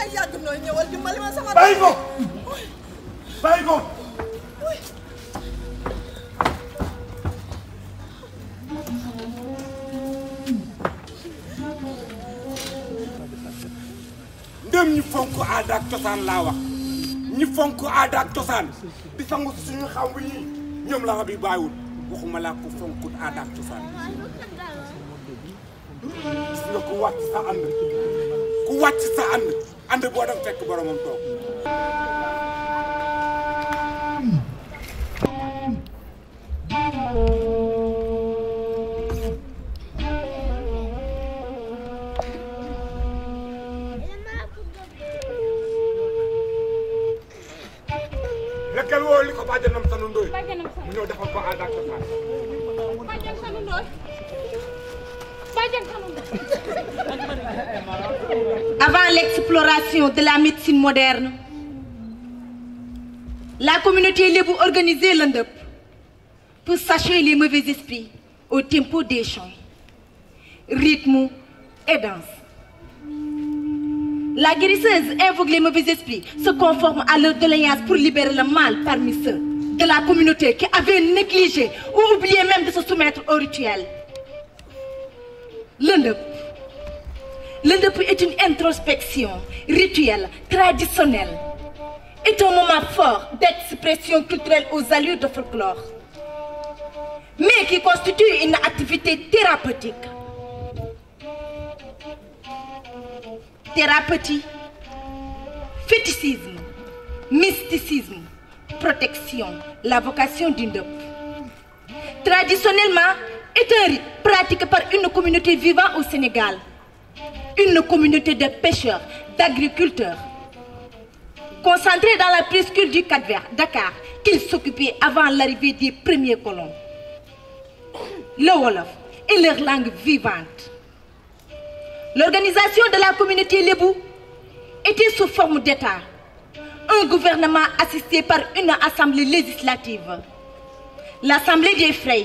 ay yàgg nooy ñëwal sama bàyyi ko bàyyi ko ndem ñu fonk aada ak cosaan laa wax ñu fonk aada ak cosaan di sangu suñu xam wi la waxuma ko ak nga ku wàcc sa ànd ku wàcc sa ànd boo dem fekk boromam toog mu ñëw defal ko ànd l'exploration de la médecine moderne, la communauté pour organisait l'UNDEP pour sacher les mauvais esprits au tempo des chants, rythme et danse. La guérisseuse invoque les mauvais esprits, se conforme à leur doléance pour libérer le mal parmi ceux de la communauté qui avaient négligé ou oublié même de se soumettre au rituel. L'UNDEP le est une introspection rituelle, traditionnelle. Est un moment fort d'expression culturelle aux allures de folklore, mais qui constitue une activité thérapeutique. Thérapeutique, fétichisme, mysticisme, protection, la vocation d'une Traditionnellement, est un rite pratiqué par une communauté vivant au Sénégal une communauté de pêcheurs, d'agriculteurs, concentrés dans la presqu'île du cap Dakar, qu'ils s'occupaient avant l'arrivée des premiers colons. Le Wolof est leur langue vivante. L'organisation de la communauté Lébou était sous forme d'État, un gouvernement assisté par une assemblée législative, l'Assemblée des Frères,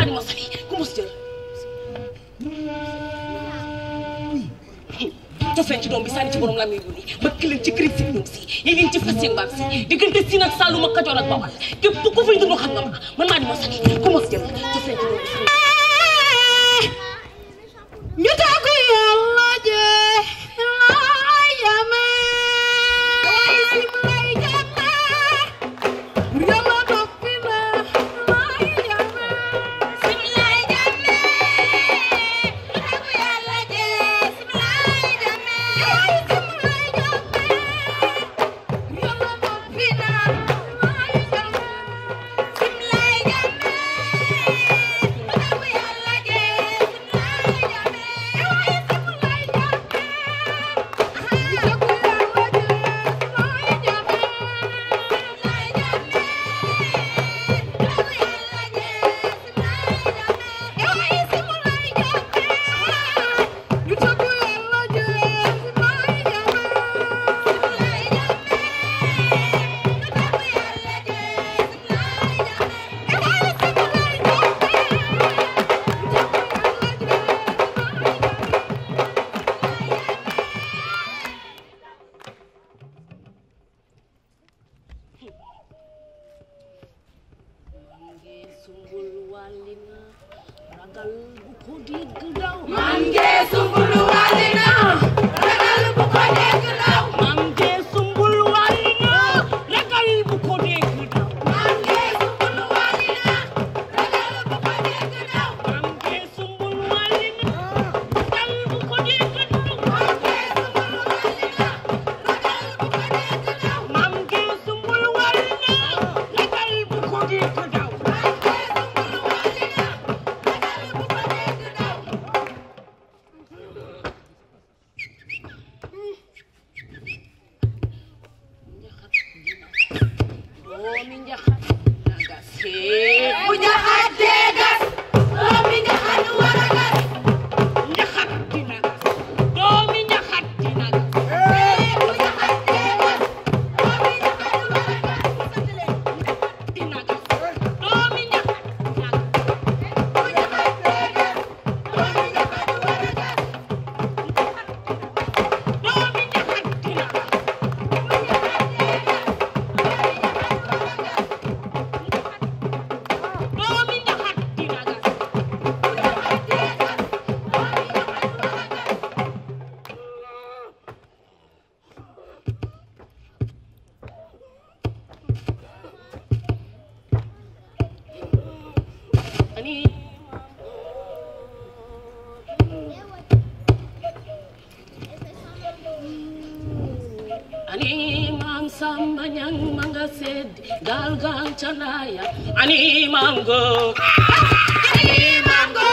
maa ni ma sali ku ma si jël cofee ci doom bi sànni ci borom la muy wuni ba kileen ci si yéen leen ci si diggante si nag Saalum ak Kajoor ak Bawal képp ku fay dund xam ma man maa man ngee sumb 大民じゃなんかせー galgal chanaya ani mango ani mango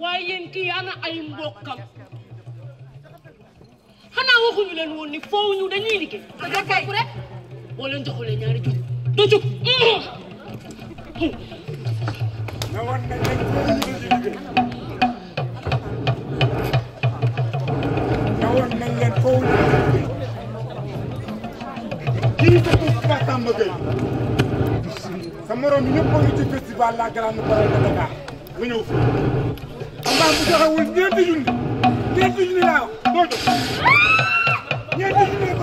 waaye yéen ana ay mbokkam xanaa waxuñu leen woon ni foofu ñu dañuy liggéey. dëgg kay rek boo leen joxulee ñaari jur do jóg. nawoon nañ leen foofu ñu kii sa ko Touba Samba Gueye sa morom ñëpp a ngi ci festival la grande parole de ginnaaw bu joxewul ñeenti junni ñeenti junni laa wax doo jox ñeenti junni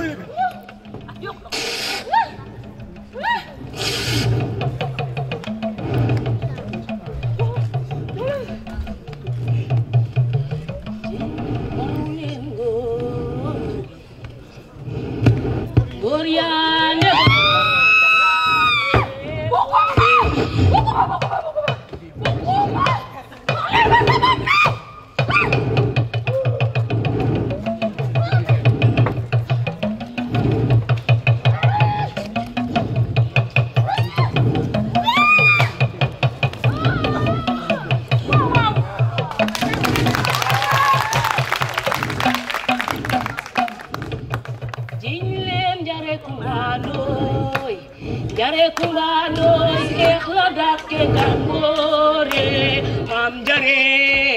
Jare kula nos ke khodak ke kambore mam jare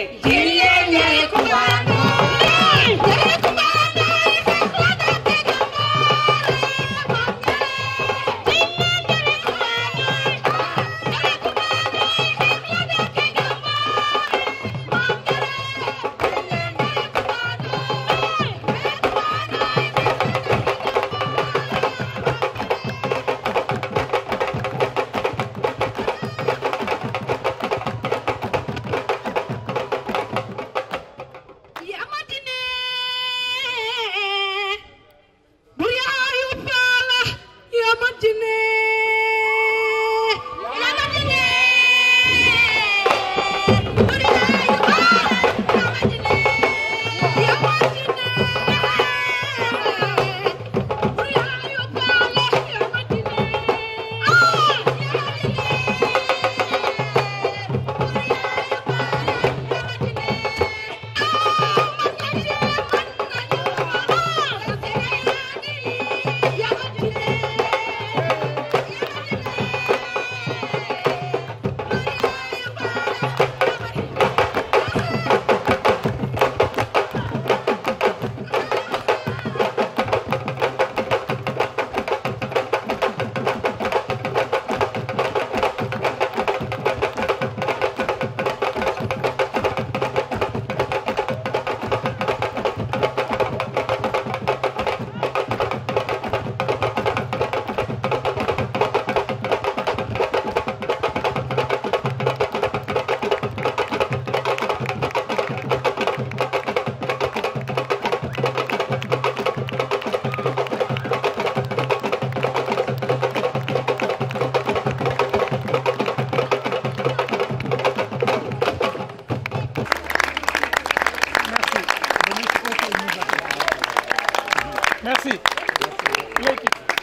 merci.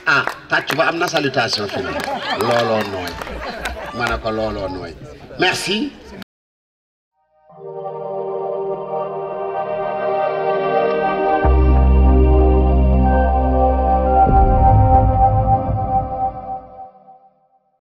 ah tu ba amener amener salutation finale Lolo noy. Manako lolo noy. merci.